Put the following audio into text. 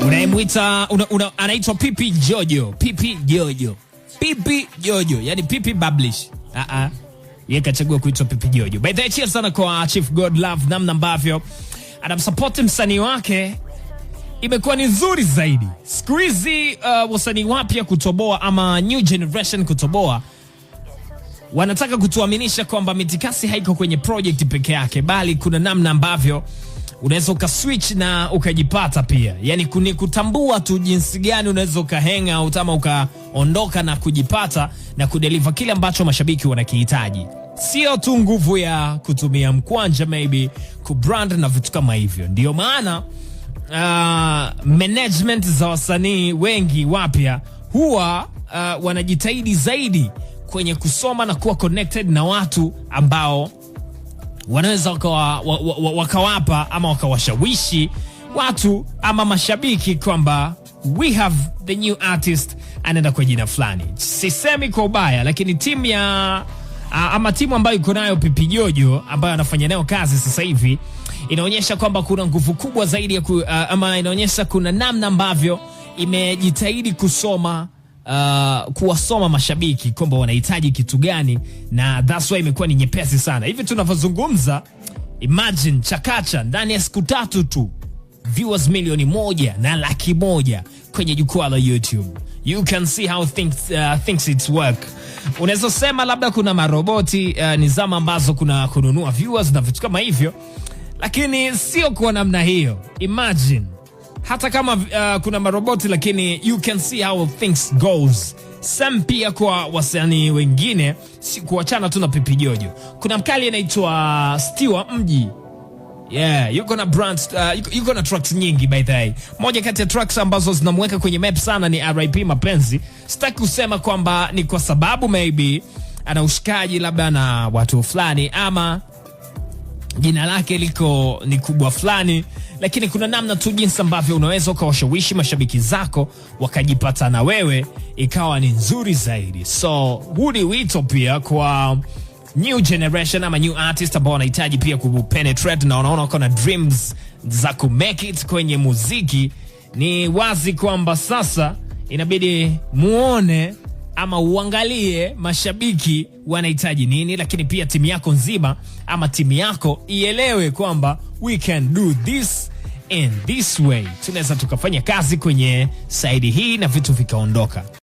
Unayemwita una, una, anaitwa Pipi Jojo, Pipi Jojo, Pipi Jojo, yani Pipi Bablish. Ah uh -uh. Yeye kachagua kuitwa Pipi Jojo. By the way, cheers sana kwa Chief God Love namna ambavyo anamsupport msanii wake imekuwa ni nzuri zaidi. Siku hizi uh, wasanii wapya kutoboa ama new generation kutoboa wanataka kutuaminisha kwamba Mitikasi haiko kwenye project peke yake, bali kuna namna ambavyo unaweza ukaswitch na ukajipata pia, yani ni kutambua tu jinsi gani unaweza ukahenga out ama ukaondoka na kujipata na kudeliver kile ambacho mashabiki wanakihitaji, sio tu nguvu ya kutumia mkwanja maybe kubrand na vitu kama hivyo. Ndiyo maana uh, management za wasanii wengi wapya huwa uh, wanajitahidi zaidi kwenye kusoma na kuwa connected na watu ambao wanaweza wakawa, wakawapa ama wakawashawishi watu ama mashabiki kwamba we have the new artist anaenda kwa jina fulani. Sisemi kwa ubaya, lakini timu ya ama timu ambayo iko nayo Pipi Jojo ambayo anafanya nayo kazi sasa hivi inaonyesha kwamba kuna nguvu kubwa zaidi ya ku, ama inaonyesha kuna namna ambavyo imejitahidi kusoma uh, kuwasoma mashabiki kwamba wanahitaji kitu gani, na that's why imekuwa ni nyepesi sana. Hivi tunavyozungumza, imagine Chakacha ndani ya siku tatu tu viewers milioni moja na laki moja kwenye jukwaa la YouTube. You can see how things, uh, things it's work. Unaweza sema labda kuna maroboti uh, ni zama ambazo kuna kununua viewers na vitu kama hivyo, lakini sio kwa namna hiyo. Imagine hata kama uh, kuna maroboti lakini you can see how things goes. Sam pia kwa wasanii wengine, si kuachana tu na Pipi Jojo. Kuna mkali anaitwa uh, Stiwa Mji. Yeah, yuko na brand, uh, yuko, yuko na nyingi by the way. Moja kati ya ambazo zinamweka kwenye map sana ni RIP Mapenzi. Sitaki kusema kwamba ni kwa sababu maybe ana ushikaji labda na watu fulani ama jina lake liko ni kubwa fulani, lakini kuna namna tu jinsi ambavyo unaweza ukawashawishi mashabiki zako wakajipata na wewe ikawa ni nzuri zaidi. So huu ni wito pia kwa new generation ama new artist ambao wanahitaji pia kupenetrate na wanaona wako na dreams za kumake it kwenye muziki. Ni wazi kwamba sasa inabidi muone ama uangalie mashabiki wanahitaji nini, lakini pia timu yako nzima ama timu yako ielewe kwamba we can do this in this way, tunaweza tukafanya kazi kwenye saidi hii na vitu vikaondoka.